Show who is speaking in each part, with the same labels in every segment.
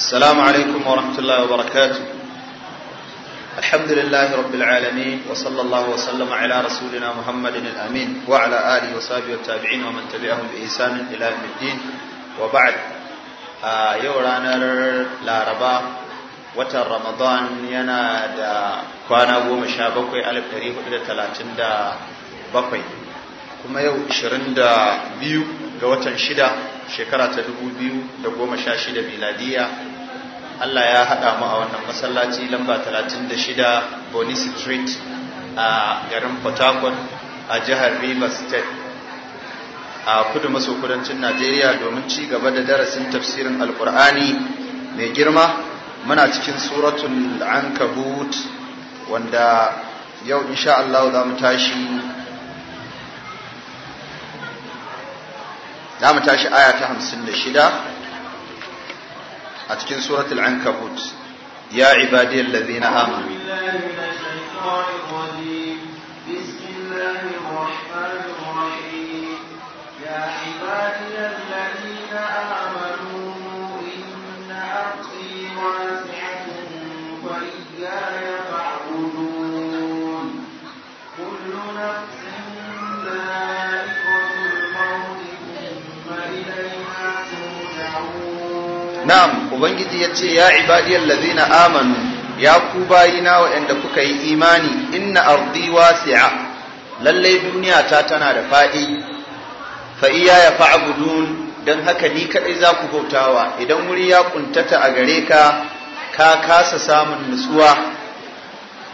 Speaker 1: السلام عليكم ورحمة الله وبركاته الحمد لله رب العالمين وصلى الله وسلم على رسولنا محمد الأمين وعلى آله وصحبه والتابعين ومن تبعهم بإحسان إلى يوم الدين وبعد يورانا لاربا watan ramadan yana da kwana goma sha bakwai alif ɗari hudu da talatin da bakwai kuma yau ishirin da biyu ga watan shida shekara ta dubu biyu da goma sha shida miladiya Allah ya haɗa mu a wannan masallaci lamba 36 Boni Street a garin Port Harcourt a jihar Rivers State a kudu maso kudancin Najeriya domin ci gaba da darasin tafsirin alkur'ani mai girma muna cikin suratul Ankabut wanda yau insha Allah za mu tashi za mu tashi aya ta 56 أتكن سورة العنكبوت يا عبادي الذين آمنوا
Speaker 2: بسم الله الرحمن الرحيم يا عبادي الذين آمنوا إن أرضي واسعة وإياي فاعبدون كل نفس ذلك
Speaker 1: na'am ubangiji ya ce ya ibadiyal ladina amanu ya ku bayina waɗanda kuka yi imani inna ardi wasi'a lallai duniya ta tana da faɗi fa iya ya fa'budun dan haka ni kadai za ku bautawa idan wuri ya kuntata a gare ka ka kasa samun nutsuwa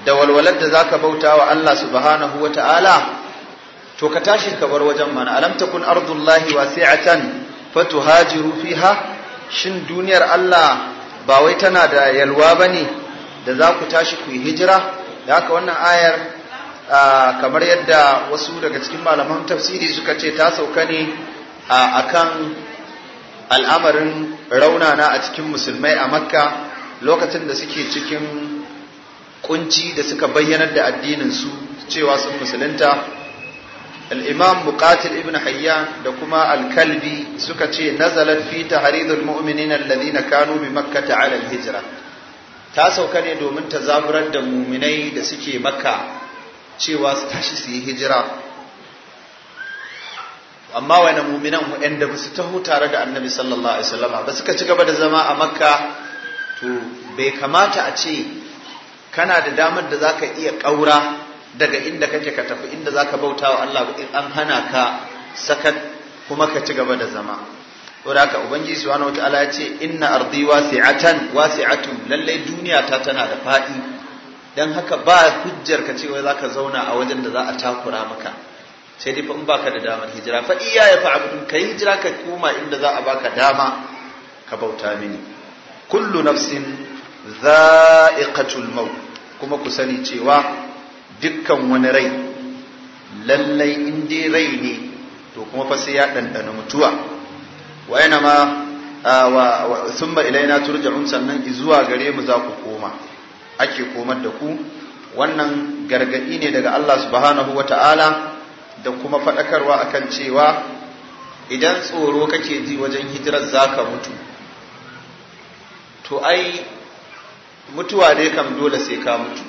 Speaker 1: da walwalar da za zaka bautawa Allah subhanahu wata'ala to ka tashi ka bar wajen mana alam takun ardullahi wasi'atan fatuhajiru fiha shin duniyar Allah ba wai tana da yalwa ba ne da za ku tashi ku yi hijira da haka wannan ayar kamar yadda wasu daga cikin malaman tafsiri suka ce ta sauka ne a kan al'amarin raunana a cikin musulmai a makka lokacin da suke cikin kunci da suka bayyanar da addininsu cewa sun musulunta الإمام مقاتل ابن حيان دكما الكلبي سكتي نزلت في تحريض المؤمنين الذين كانوا بمكة على الهجرة تاسو كان يدو من تزامر المؤمنين دسكي مكة شي ستاشي سي هجرة amma wani muminan waɗanda ba su taho tare da annabi sallallahu alaihi wasallam ba suka ci gaba da zama a makka to bai kamata a ce kana da damar da zaka iya ƙaura daga inda kake ka tafi inda za ka bauta wa Allah in an hana ka sakat kuma ka ci gaba da zama saboda haka ubangiji subhanahu wataala ya ce inna ardi wasi'atan wasi'atu lalle duniya ta tana da fadi dan haka ba hujjar ka cewa zaka zauna a wajen da za a takura maka sai dai in baka da damar hijira fa iya ya fa abudun kai hijira ka koma inda za a baka dama ka bauta mini kullu nafsin za'iqatul maut kuma ku sani cewa dukkan wani rai lallai in dai rai ne to kuma fa sai ya ɗanɗana mutuwa wa yana ma wa summa ilaina turja'un sannan zuwa gare mu za ku koma ake komar da ku wannan gargaɗi ne daga Allah subhanahu wata'ala da kuma faɗakarwa akan cewa idan tsoro kake ji wajen hijirar zaka mutu to ai mutuwa dai kam dole sai ka mutu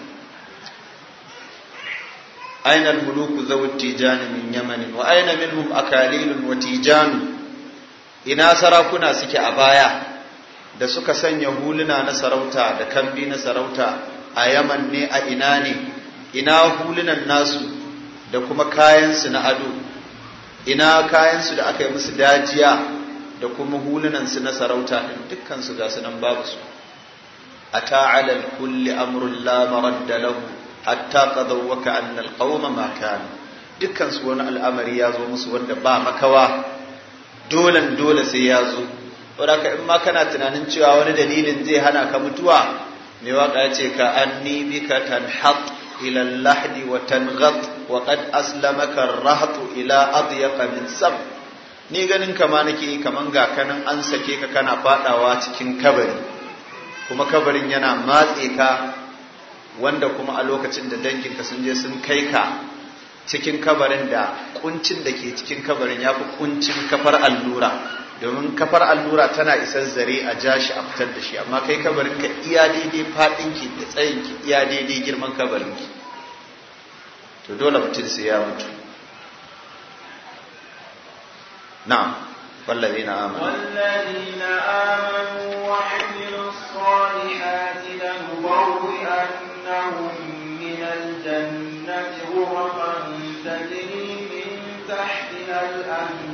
Speaker 1: أين الملوك ذو التيجان من يمن وأين منهم أكاليل وتيجان ina sarakuna suke a baya da suka sanya huluna na sarauta da kambi na sarauta a yaman ne a ina ne ina hulunan nasu da kuma kayansu na ado ina kayansu da aka yi musu dajiya da kuma hulunansu na sarauta ɗin dukkansu ga su nan babu su a ta'alal kulli amrun la maradda lahu hatta qadawaka anna alqawma ma kanu dukkan su wani al'amari ya zo musu wanda ba makawa dolan dole sai ya zo wadaka in ma kana tunanin cewa wani dalilin zai hana ka mutuwa mai waka ya ce ka anni bika tanhat ila lahdi wa tangat wa qad aslamaka rahatu ila adyaqa min sab ni ganin kama nake kaman ga kanan an sake ka kana fadawa cikin kabari kuma kabarin yana matse ka wanda kuma a lokacin da danginka sun je sun kai ka cikin kabarin da kuncin da ke cikin kabarin ya fi kuncin kafar allura domin kafar allura tana isar zare a ja shi a fitar da shi amma kai kabarin ka iya daidai faɗinki da tsayinki iya daidai girman kabarinki to dole mutum sai ya mutu na, wallazina
Speaker 2: amanu na amanu wa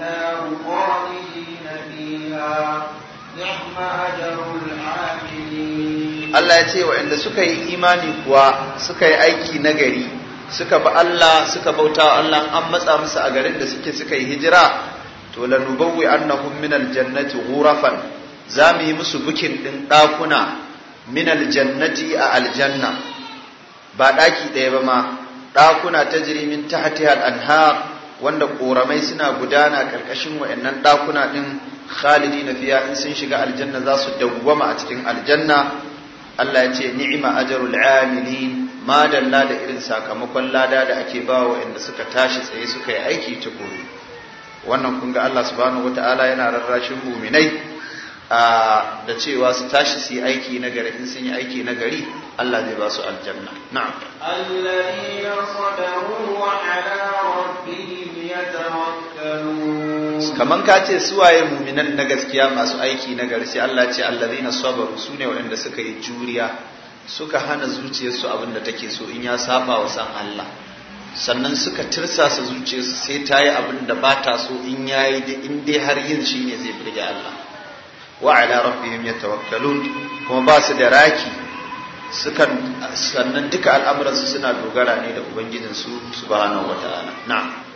Speaker 2: النار خالدين فيها نعم أجر العاملين
Speaker 1: الله يتي وعند سكي إيماني كوا سكي أيكي suka bi Allah suka bauta Allah an matsa musu a garin da suke suka yi hijira to lanubawwi annahum min aljannati ghurafan za mu yi musu bukin din dakuna min aljannati a aljanna ba daki ɗaya ba ma dakuna tajri min tahtiha al-anhar wanda ƙoramai suna gudana karkashin wayannan dakuna din khalidina fiya in sun shiga aljanna za su dawwama a cikin aljanna Allah ya ce ni'ima ajrul amilin ma dalla da irin sakamakon lada da ake ba wa wayanda suka tashi tsaye suka yi aiki tukuru wannan kun ga Allah subhanahu wataala yana rarrashin muminai da cewa su tashi su yi aiki na gari in sun yi aiki na gari Allah zai ba su aljanna na'am
Speaker 2: alladhi sadaru wa ala rabbihim
Speaker 1: kaman ka ce suwaye muminan na gaskiya masu aiki na gari sai Allah ce allazina sabaru sune waɗanda suka yi juriya suka hana zuciyarsu abin da take so in ya saba wa san Allah sannan suka tirsasa zuciyarsu sai ta yi abin da ba ta so in yayi da in dai har yin shi ne zai burge Allah wa ala rabbihim yatawakkalun kuma ba su da raki sukan sannan duka al'amuransu suna dogara ne da su subhanahu wataala na'am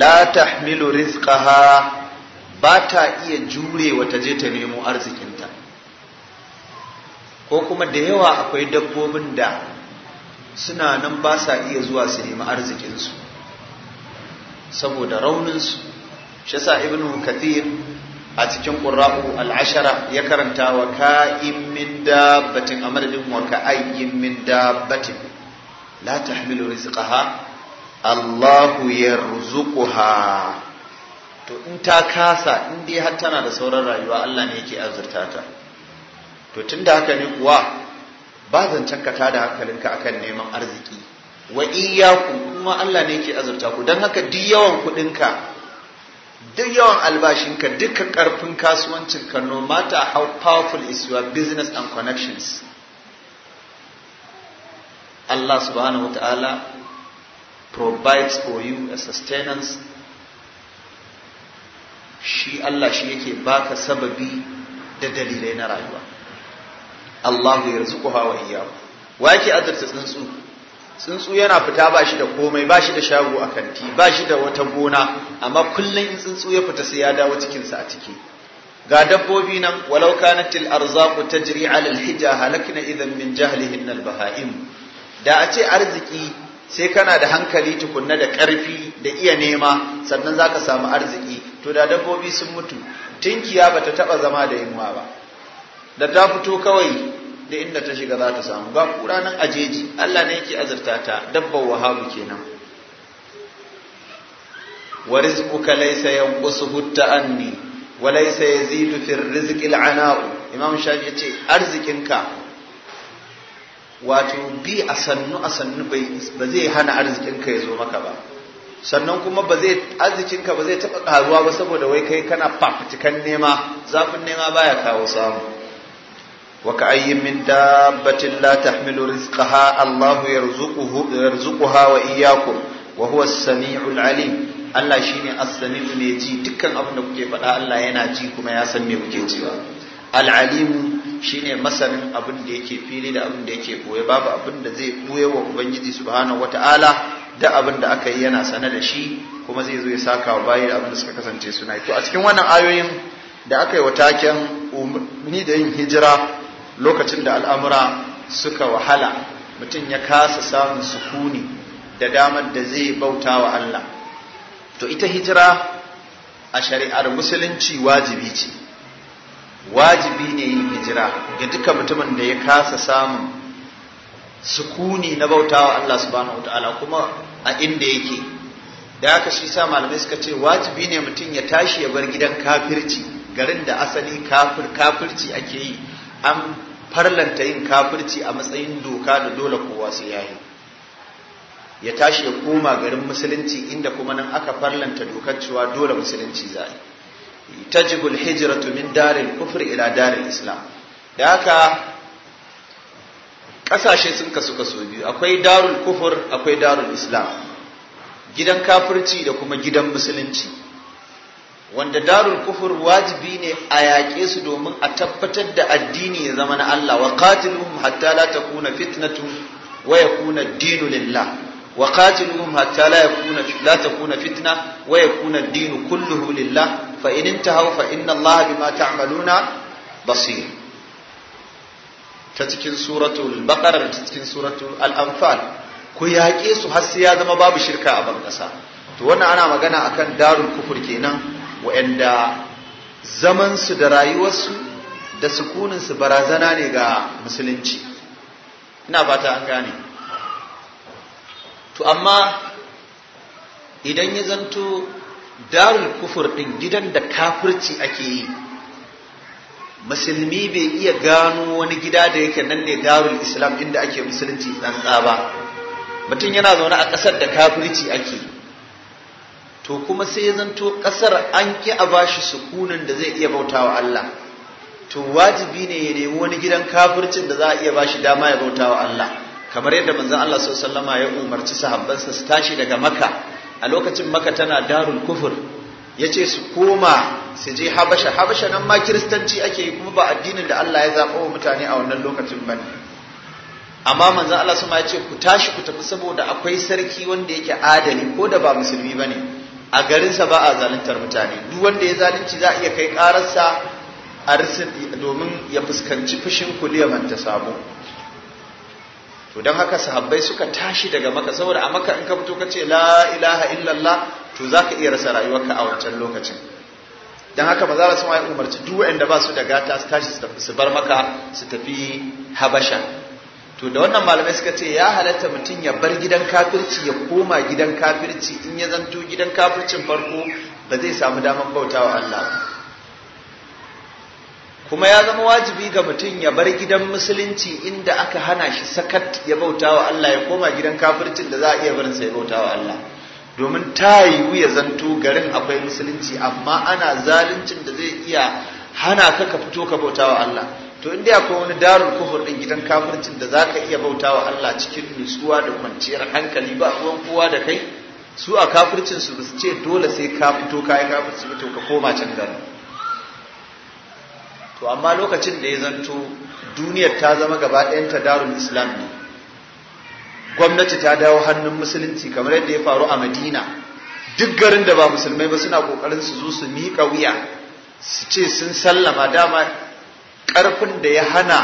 Speaker 1: la tahmilu rizqaha ba ta iya jurewa ta je ta nemo arzikinta ko kuma da yawa akwai dabbobin da suna nan ba sa iya zuwa su nemi arzikinsu saboda rauninsu shi sa ibn kathir a cikin ƙura'u al'ashara ya karanta wa ka'in min dabbatin a madadin wa ka'ayyin min dabbatin la tahmilu rizqaha Allahu ha, to in ta kasa in dai har tana da sauran rayuwa Allah ne yake azurta ta to tun da haka ne kuwa ba zan ka da hankalinka akan neman arziki wa iyyakum kuma Allah ne yake azurta ku dan haka duk yawan kuɗinka duk yawan albashinka dukkan karfin kasuwancin ka no matter how powerful is your business and connections Allah subhanahu wa ta'ala provides for you a sustenance shi Allah shi yake baka sababi da dalilai na rayuwa Allahu yarzuquha wa iyyakum wa yake adarta tsuntsu tsuntsu yana fita ba shi da komai ba shi da shago a kanti ba shi da wata gona amma kullum in tsuntsu ya fita sai ya dawo cikinsa a ciki ga dabbobi nan walau kanatil arzaqu tajri ala alhija halakna idan min jahlihin albaha'im da a ce arziki sai kana da hankali tukunna da ƙarfi da iya nema sannan za ka samu arziki to da dabbobi sun mutu tinkiya ta taba zama da yunwa ba da ta fito kawai da inda ta shiga za ta samu ba kura nan ajeji Allah ne yake azurta ta dabbar wahabu kenan wa rizquka laysa yanqusu hutta anni wa laysa yazidu fi rizqi al-ana'u imam shafi yace arzikinka wato bi a sannu a sannu ba zai hana arzikinka ya zo maka ba sannan kuma ba zai arzikinka ba zai taɓa karuwa ba saboda wai kai kana fafutukan nema zafin nema baya kawo samu wa ka ayyin min dabbatin la tahmilu rizqaha Allahu yarzuquhu yarzuquha wa iyyakum wa huwa as-sami'ul alim Allah shine as-sami'u ne ji dukkan abin da kuke faɗa Allah yana ji kuma ya san me kuke cewa al-alimu shine masanin abin da yake fili da abin da yake boye babu abin da zai boye wa ubangiji subhanahu wataala da abin da aka yi yana sane da shi kuma zai zo ya saka wa bayi da abin da suka kasance suna to a cikin wannan ayoyin da aka yi wa taken ni da yin hijira lokacin da al'amura suka wahala mutum ya kasa samun sukuni da damar da zai bauta wa Allah to ita hijira a shari'ar musulunci wajibi ce wajibi ne yin hijira ga duka mutumin da ya kasa samun sukuni na bautawa Allah subhanahu wataala kuma a inda yake da haka shi sa malamai suka ce wajibi ne mutum ya tashi ya bar gidan kafirci garin da asali kafir kafirci ake yi an farlanta yin kafirci a matsayin doka da dole kowa su yayi ya tashi ya koma garin musulunci inda kuma nan aka farlanta dokar cewa dole musulunci za a yi تجب hijratu من دار الكفر إلى دار islam da haka kasashe sun kasu kaso biyu akwai darul kufur akwai darul islam gidan kafirci da kuma gidan musulunci wanda darul kufur wajibi ne a yaƙe su domin a tabbatar da addini ya zama na Allah wa qatiluhum hatta la takuna fitnatu wa yakuna dinu lillah wa qatiluhum hatta la yakuna la takuna fitna wa yakuna ad-din kulluhu lillah fa in intahu fa inna Allah bima ta'maluna basir ta cikin suratul baqara ta cikin suratul al-anfal ku yaƙe su har sai ya zama babu shirka a ban to wannan ana magana akan darul kufur kenan wa'anda zaman su da rayuwarsu da sukunin su barazana ne ga musulunci ina fata an gane to amma idan ya zanto darul kufur din gidan da kafirci ake yi musulmi bai iya gano wani gida da yake nan ne darul islam inda ake musulunci tsantsa ba mutum yana zaune a ƙasar da kafirci ake to kuma sai ya zanto ƙasar an ki a bashi sukunin da zai iya bautawa Allah to wajibi ne ya nemi wani gidan kafircin da za a iya bashi dama ya bautawa Allah kamar yadda manzon Allah sallallahu alaihi ya umarci sahabbansa su tashi daga Makka a lokacin Makka tana darul kufur yace su koma su je Habasha Habasha nan ma kiristanci ake yi kuma ba addinin da Allah ya zaba wa mutane a wannan lokacin bane amma manzon Allah sama ya ce ku tashi ku tafi saboda akwai sarki wanda yake adali ko da ba musulmi bane a garinsa ba a zaluntar mutane duk wanda ya zalunci za a iya kai ƙararsa a domin ya fuskanci fushin kuliyar ta sabo to don haka sahabbai suka tashi daga maka saboda a maka in ka fito ka ce la ilaha illallah to za ka iya rasa rayuwarka a wancan lokacin don haka maza rasu ma ya umarci duk wanda ba su da gata su tashi su bar maka su tafi habasha to da wannan malamai suka ce ya halatta mutum ya bar gidan kafirci ya koma gidan kafirci in ya zanto gidan kafircin farko ba zai samu damar bautawa Allah ba kuma ya zama wajibi ga mutum ya bar gidan musulunci inda aka hana shi sakat ya bauta wa Allah ya koma gidan kafircin da za a iya barinsa ya bauta wa Allah domin ta yiwu ya zanto garin akwai musulunci amma ana zaluncin da zai iya hana ka ka fito ka bauta wa Allah to inda akwai wani darul kufur din gidan kafircin da za ka iya bauta wa Allah cikin nutsuwa da kwanciyar hankali ba ruwan kowa da kai su a kafircin su ce dole sai ka fito kai kafirci ka koma can garin to amma lokacin da ya zanto duniyar ta zama gaba ɗayan ta darun islam ne gwamnati ta dawo hannun musulunci kamar yadda ya faru a madina duk garin da ba musulmai ba suna kokarin su zo su miƙa wuya su ce sun sallama dama ƙarfin da ya hana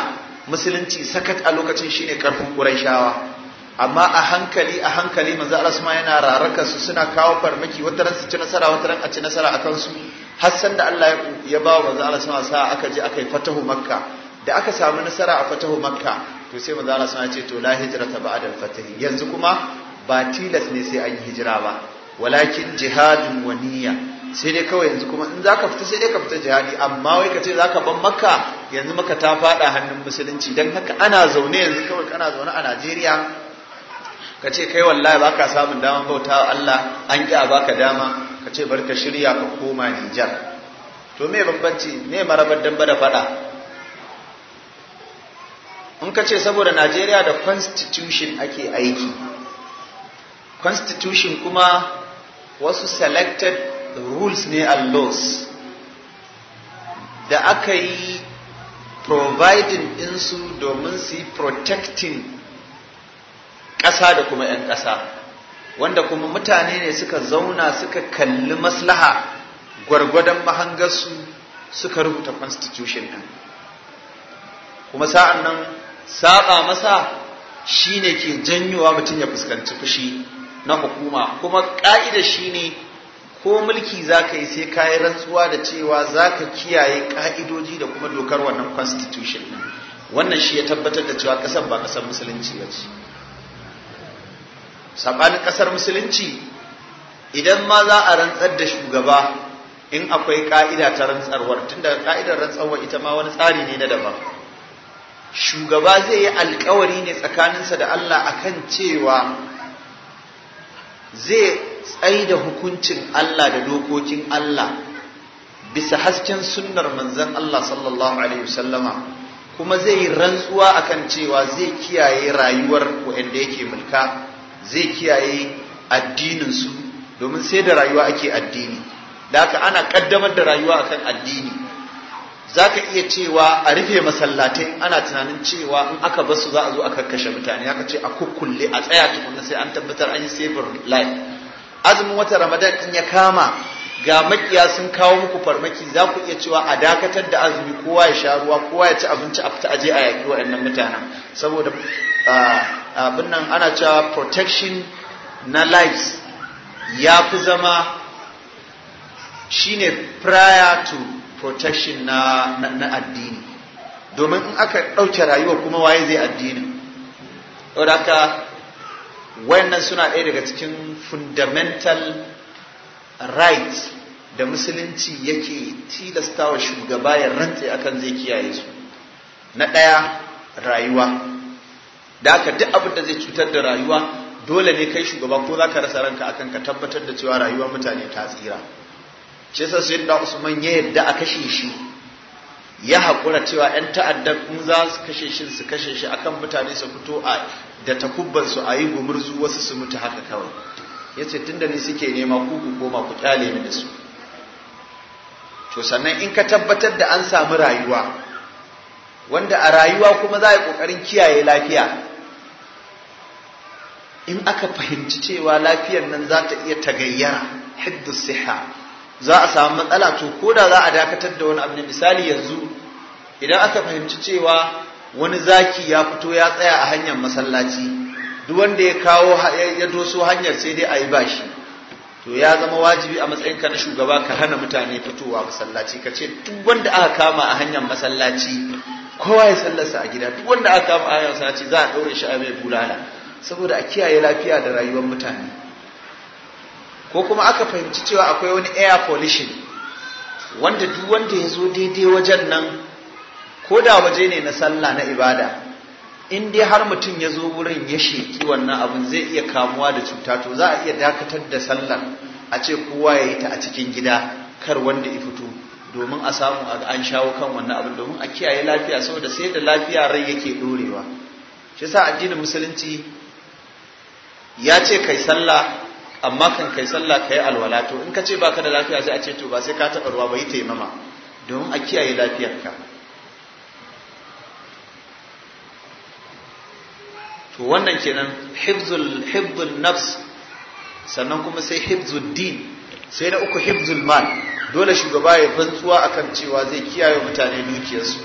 Speaker 1: musulunci sakat a lokacin shine ƙarfin shawa. amma a hankali a hankali manzo Allah sama yana raraka su suna kawo farmaki wata ran su ci nasara wata ran a ci nasara akan su har san da Allah ya ba manzo Allah sama sa aka je aka yi fatahu makka da aka samu nasara a fatahu makka to sai manzo Allah sama ya ce to la hijrata ba'da al-fatahi yanzu kuma ba tilas ne sai an yi hijira ba walakin jihadun wa niyya sai dai kawai yanzu kuma in zaka fita sai dai ka fita jihadi amma wai ka ce zaka ban makka yanzu maka ta fada hannun musulunci dan haka ana zaune yanzu kawai kana zaune a Najeriya ka ce kai wallahi baka samun damar bauta wa Allah an ƙi a baka dama ka ce barka shirya ka koma Nijar to me bambanci me marabar damba da faɗa. in ka ce saboda Najeriya da constitution ake aiki constitution kuma wasu selected rules ne and laws da aka yi providing insu domin su yi protecting ƙasa da kuma 'yan ƙasa wanda kuma mutane ne suka zauna suka kalli maslaha gwargwadon mahangarsu suka rubuta constitution ɗin kuma sa'an nan saba masa shine ke janyowa mutum ya fuskanci fushi na hukuma kuma ƙa'ida shine ko mulki za ka yi sai ka yi rantsuwa da cewa za ka kiyaye ƙa'idoji da kuma dokar wannan constitution ɗin wannan shi ya tabbatar da cewa ƙasar ba ƙasar musulunci ba ce sabanin ƙasar musulunci idan ma za a rantsar da shugaba in akwai ka'ida ta rantsarwar tunda ka'idar rantsarwar ita ma wani tsari ne na daban shugaba zai yi alkawari ne tsakaninsa da Allah akan cewa zai tsaida hukuncin Allah da dokokin Allah bisa hasken sunnar manzan Allah sallallahu alaihi wasallama kuma zai yi rantsuwa akan cewa zai kiyaye rayuwar waɗanda yake mulka zai kiyaye addininsu domin sai da rayuwa ake addini da haka ana kaddamar da rayuwa akan addini za ka iya cewa a rufe masallatai ana tunanin cewa in aka basu za a zo a karkashe mutane aka ce a kukkulle a tsaya tukunna sai an tabbatar an yi saving life azumin wata ramadan in ya kama ga makiya sun kawo muku farmaki za ku iya cewa a dakatar da azumi kowa ya sha ruwa kowa ya ci abinci a fita aje a yaki waɗannan mutanen saboda abin nan ana cewa protection na lives ya fi zama shine prior to protection na, na, na addini domin in aka ɗauke rayuwa kuma waye zai addinin saboda wayannan suna ɗaya daga cikin fundamental right da musulunci yake wa shugaba ya rantse akan zai kiyaye su na ɗaya rayuwa da haka duk abin da zai cutar da rayuwa dole ne kai shugaba ko za ka rasa ranka akan ka tabbatar da cewa rayuwa mutane ta tsira shi yasa sai da Usman ya yadda a kashe shi ya haƙura cewa 'yan ta'adda kuma za su kashe shi su kashe shi akan mutane su fito a da takubban su a yi gumurzu wasu su mutu haka kawai yace da ni suke nema kuku ku koma ku kyale ni su to sannan in ka tabbatar da an samu rayuwa wanda a rayuwa kuma za a yi ƙoƙarin kiyaye lafiya in aka fahimci cewa lafiyar nan za ta iya tagayyara hiddu siha za a samu matsala to ko da za a dakatar da wani abu misali yanzu idan aka fahimci cewa wani zaki ya fito ya tsaya a hanyar masallaci duk wanda ya kawo ya doso hanyar sai dai a yi bashi to ya zama wajibi a matsayinka na shugaba ka hana mutane fitowa masallaci ka ce duk wanda aka kama a hanyar masallaci kowa ya sallarsa a gida duk wanda aka kama a hanyar masallaci za a ɗaure shi a mai bulala saboda a kiyaye lafiya da rayuwar mutane ko kuma aka fahimci cewa akwai wani air pollution wanda duk wanda ya zo daidai wajen nan ko da waje ne na sallah na ibada in dai har mutum ya zo wurin ya sheki wannan abin zai iya kamuwa da cuta to za a iya dakatar da sallar a ce kowa ya yi ta a cikin gida kar wanda ya fito domin a samu an shawo kan wannan abin domin a kiyaye lafiya saboda sai da lafiya rai yake dorewa shi yasa addinin musulunci ya ce kai sallah amma kan kai sallah kai alwala to in ka ce baka da lafiya sai a ce to ba sai ka taɓa ruwa ba yi taimama domin a kiyaye lafiyarka to wannan kenan hibzul hibzul nafs sannan kuma sai hibzul din sai na uku hibzul mal dole shugaba ya fantsuwa akan cewa zai kiyaye mutane dukiyarsu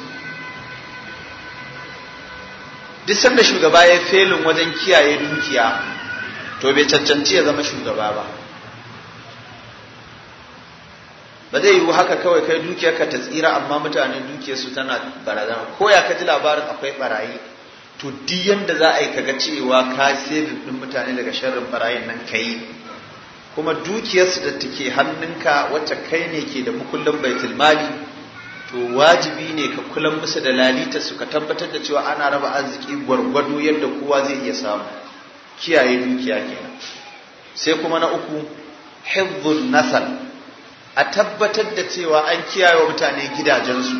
Speaker 1: duk sanda shugaba ya felin wajen kiyaye dukiya to bai cancanci ya zama shugaba ba ba zai yiwu haka kawai kai dukiyarka ta tsira amma mutane dukiyarsu tana barazana ko ya ka ji labarin akwai barayi to duk yanda za a yi kaga cewa ka sebe ɗin mutane daga sharrin barayin nan kai kuma dukiyarsu da take hannunka wacce kai ne ke da mukullin bai mali to wajibi ne ka kula musu da lalita su ka tabbatar da cewa ana raba arziki gwargwado yadda kowa zai iya samu kiyaye dukiya kenan sai kuma na uku hibbun nasal a tabbatar da cewa an kiyaye wa mutane gidajensu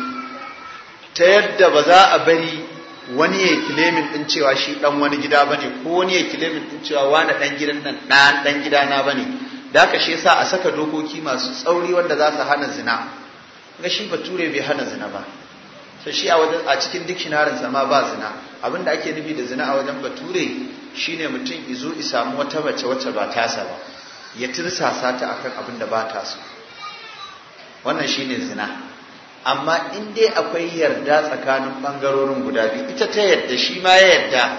Speaker 1: ta yadda ba za a bari wani ya kilemin din cewa shi dan wani gida bane ko wani ya kilemin din cewa wani dan gidan nan dan dan gida na bane da haka shi yasa a saka dokoki masu tsauri wanda za su hana zina ga shi bature bai hana zina ba sai shi a wajen a cikin dictionary sa ma ba zina Abin da ake nufi da zina a wajen bature shine mutum izo i samu wata bace wacce ba tasa ba ya tirsasa ta akan abin da ba ta so wannan shine zina amma in dai akwai yarda tsakanin bangarorin guda biyu ita ta yarda shi ma ya yarda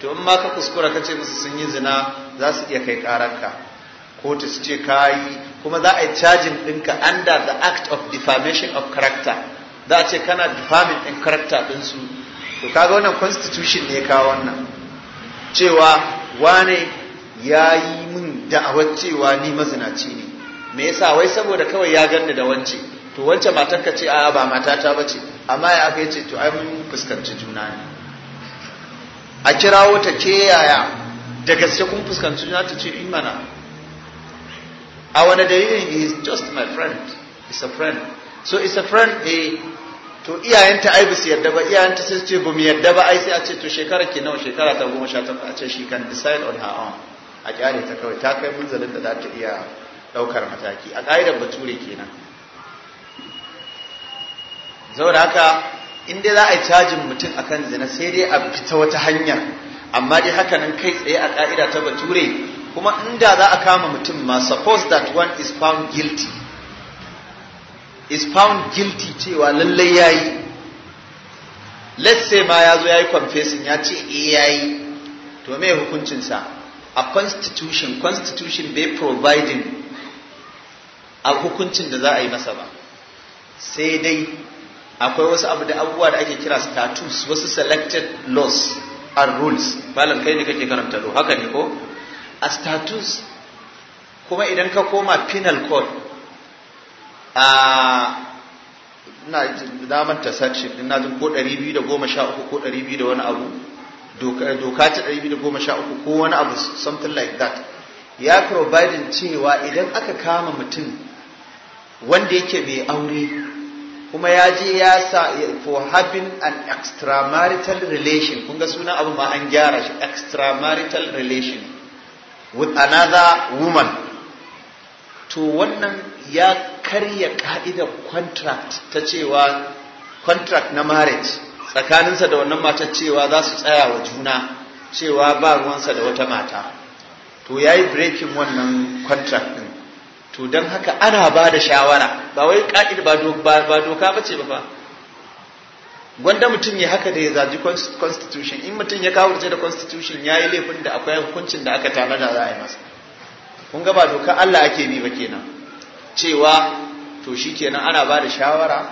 Speaker 1: to in ma ka kuskura ka ce musu sun yi zina za su iya kai karanka ta su ce ka yi kuma za a yi cajin ɗinka under the act of defamation of character za a ce kana defamin ɗin character ɗinsu to kaga wannan constitution ne ka wannan cewa wane ya yi min da'awar cewa ni mazinaci ne me yasa wai saboda kawai ya ganni da wance to wacce matar ka ce a ba matata ba ce amma ya aka ce to ai mun fuskanci juna ne a kirawo ta ke yaya da gaske kun fuskanci juna ta ce in mana a wani dalilin he is just my friend is a friend so is a friend eh to iyayenta ai bisu yadda yarda ba iyayenta sai ce ba mu yadda ba ai sai a ce to shekara ke nawa shekara ta goma sha takwas a ce she can decide on her own a kyale ta kawai ta kai munzalin da za ta iya ɗaukar mataki a ƙa'idar bature kenan saboda haka in dai za a yi cajin mutum a kan zina sai dai a fita wata hanya amma dai haka nan kai tsaye a ka'ida ta bature kuma inda za a kama mutum ma suppose that one is found guilty is found guilty cewa lallai ya yi, let's say ma ya zo ya yi confessing ya ce eh yi, to me hukuncin a constitution constitution bai providing a hukuncin da za a yi masa ba sai dai akwai wasu abu da abubuwa da ake kira status wasu selected laws and rules Balan kai ne kake karanta do haka ne ko a status kuma idan ka koma penal code a na na ta section din na ko 213 ko 200 da wani abu doka doka ta 213 ko wani abu something like that ya providing cewa idan aka kama mutum wanda yake bai aure kuma ya je ya sa for having an extramarital relation kun ga sunan abu ma an gyara shi extramarital relation with another woman to wannan ya karya ka'idar contract ta cewa contract na marriage tsakaninsa da wannan mata cewa za su tsaya wa juna cewa ba ruwansa da wata mata to ya yi breaking wannan contract ɗin to don haka ana ba da shawara ba wai ka'id ba doka ba ce ba fa gwanda mutum ya haka da ya zaji constitution in mutum ya kawo da constitution ya yi laifin da akwai hukuncin da aka da za a yi masa kun ga ba doka Allah ake bi ba kenan cewa to shi kenan ana ba da shawara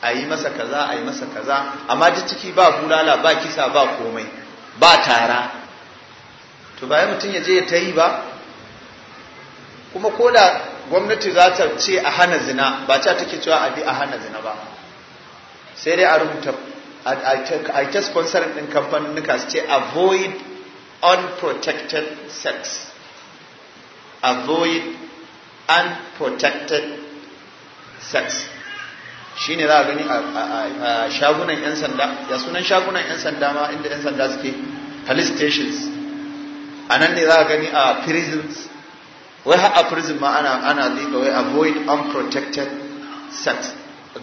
Speaker 1: a yi masa kaza a yi masa kaza amma duk ciki ba bulala ba kisa ba komai ba tara to bayan mutum ya je ya ta yi ba kuma ko da gwamnati za ta ce a hana zina ba ta take cewa a bi a hana zina ba sai dai a rubuta a ta sponsor ɗin nuka su ce avoid unprotected sex avoid unprotected sex shi ne za a gani a shagunan 'yan sanda ya sunan shagunan 'yan sanda ma inda 'yan sanda suke police stations a nan ne za a gani a prisons wai har a prison ma ana ana lika wai avoid unprotected sex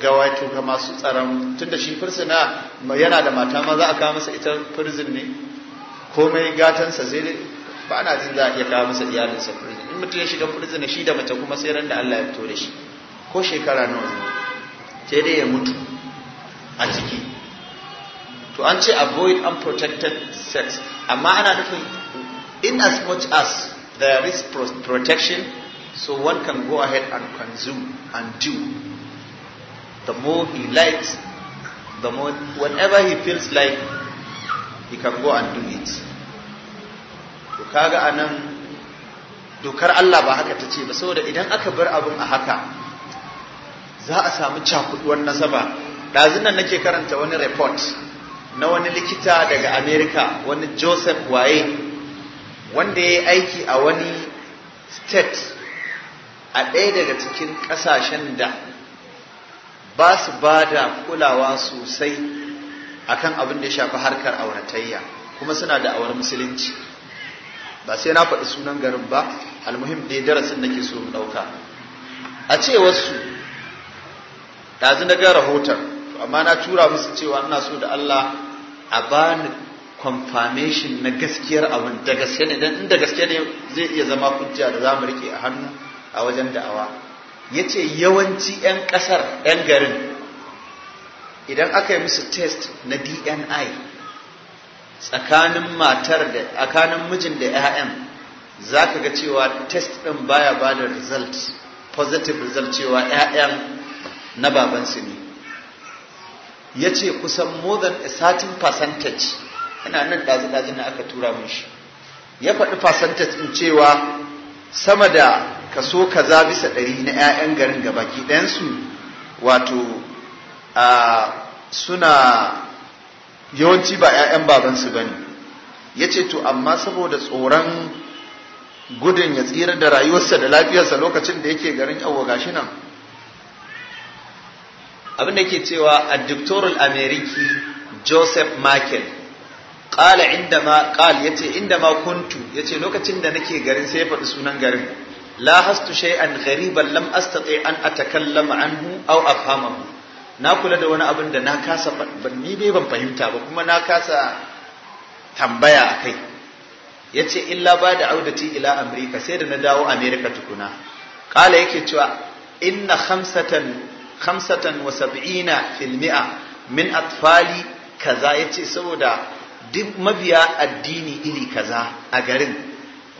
Speaker 1: ga wato ga masu tsaron tunda shi fursuna yana da mata ma za a kawo masa ita prison ne komai gatansa sai dai ba ana jin za a iya kawo masa iyalinsa prison in mutum ya shiga prison shi da mace kuma sai ran da Allah ya fito da shi ko shekara nawa ne sai dai ya mutu a ciki to an ce avoid unprotected sex amma ana nufin in as much as there is protection, so one can go ahead and consume and do. The more he likes, the more whatever he feels like, he can go and do it. To kaga anan dokar Allah ba haka ta ce ba saboda idan aka bar abun a haka za a samu cakuduwar nasaba ɗazun nan nake karanta wani report na wani likita daga America wani Joseph Waye wanda ya yi aiki a wani state a ɗaya daga cikin ƙasashen da ba su ba da kulawa sosai a kan abin da ya shafi harkar auratayya kuma suna da awar musulunci ba sai na faɗi sunan garin ba almuhim dai darasin da ke so ɗauka a ce wasu ɗazu na ga rahoton amma na tura musu cewa ina so da Allah a bani confirmation na gaskiyar abin da gaske ne dan inda gaske ne zai iya zama hujja da zamu rike a hannu a wajen da'awa yace yawanci 'yan kasar 'yan garin idan aka yi musu test na DNI tsakanin matar da tsakanin mijin da 'ya'yan za ka ga cewa test ɗin baya ba da result positive result cewa 'ya'yan na babansu ne ya ce kusan more than a certain percentage ina nan ɗazu ɗazu na aka tura mun shi ya faɗi percentage in cewa sama da kaso kaza bisa ɗari na 'ya'yan garin gabaki ɗayansu wato suna yawanci ba 'ya'yan babansu ba ne ya ce to amma saboda tsoron gudun ya tsira da rayuwarsa da lafiyarsa lokacin da yake garin yawo gashi nan abin da ke cewa a doctoral ameriki joseph markel qala indama qal yace indama kuntu yace lokacin da nake garin sai ya faɗi sunan garin la hastu shay'an ghariban lam astati an atakallama anhu aw afhamahu na kula da wani abin da na kasa ni bai ban fahimta ba kuma na kasa tambaya kai. yace illa ba da audati ila amrika sai da na dawo amerika tukuna qala yake cewa inna khamsatan khamsatan wa sab'ina min atfali kaza yace saboda duk mabiya addini iri kaza a garin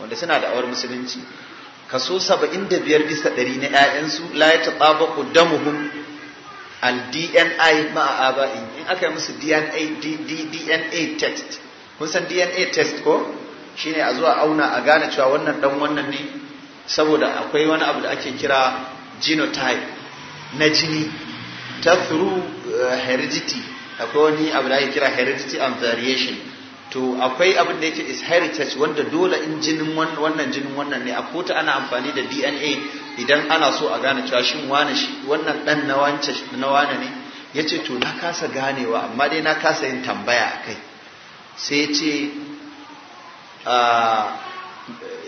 Speaker 1: wanda suna da awar musulunci kaso saba'in da biyar bisa ɗari na 'ya'yansu la ya taɓa ku damuhum al dna ma'a aba'in in aka yi musu dna test kun san dna test ko shine a zuwa auna a gane cewa wannan dan wannan ne saboda akwai wani abu da ake kira genotype na jini ta through eh, heredity akwai wani abu da ake kira heritage and variation to akwai abin da yake is heritage wanda dole in jinin wannan jinin wannan ne a kota ana amfani da DNA idan ana so a gane cewa shin wani shi wannan dan na wance na wani ne yace to na kasa ganewa amma dai na kasa yin tambaya akai sai yace ah,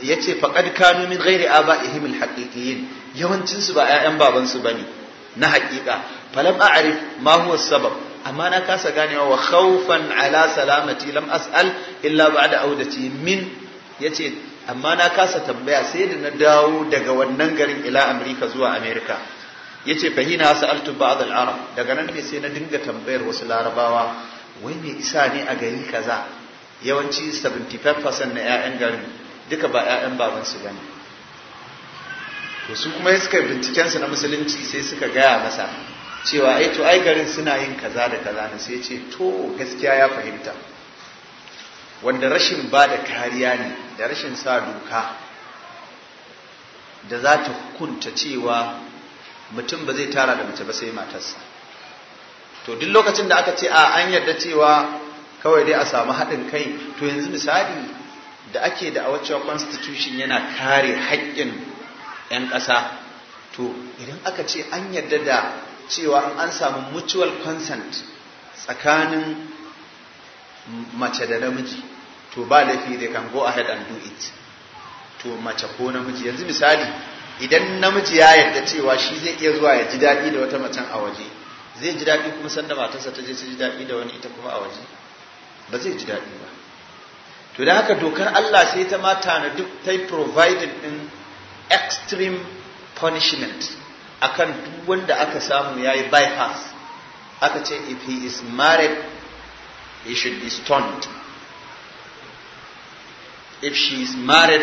Speaker 1: yace faqad kanu min ghairi aba'ihim alhaqiqiyin yawancin su ba ƴaƴan baban su bane na haƙiƙa falam a'rif ma huwa sabab amma na kasa ganewa wa khawfan ala salamati lam as'al illa ba'da audati min yace amma na kasa tambaya sai da na dawo daga wannan garin ila Amerika zuwa Amerika yace fahina sa'altu ba'd al-arab daga nan ne sai na dinga tambayar wasu larabawa wai me isa ne a gari kaza yawanci 75% na ƴaƴan garin duka ba baban su bane to su kuma suka binciken su na musulunci sai suka gaya masa cewa ai eh, to ai garin suna yin kaza da kaza ne sai ce to gaskiya ya fahimta wanda rashin ba da kariya ne da rashin sa doka da za ta hukunta cewa mutum ba zai tara da mace ba sai matarsa to duk lokacin da aka ce a an yarda cewa kawai dai a samu haɗin kai to yanzu misali da ake da a wacce constitution yana kare haƙƙin 'yan ƙasa to idan aka ce an yarda da cewa an samu mutual consent tsakanin mace da namiji to ba laifi they can go ahead and do it to mace ko namiji yanzu misali idan namiji ya yarda cewa shi zai iya zuwa ya ji daɗi da wata macen a waje zai ji daɗi kuma sanda matarsa ta je ji daɗi da wani ita kuma a waje ba zai ji daɗi ba to da haka dokar Allah sai ta mata na duk ta provided in extreme punishment akan duk wanda aka samu yayi bypass aka ce if he is married he should be stoned if she is married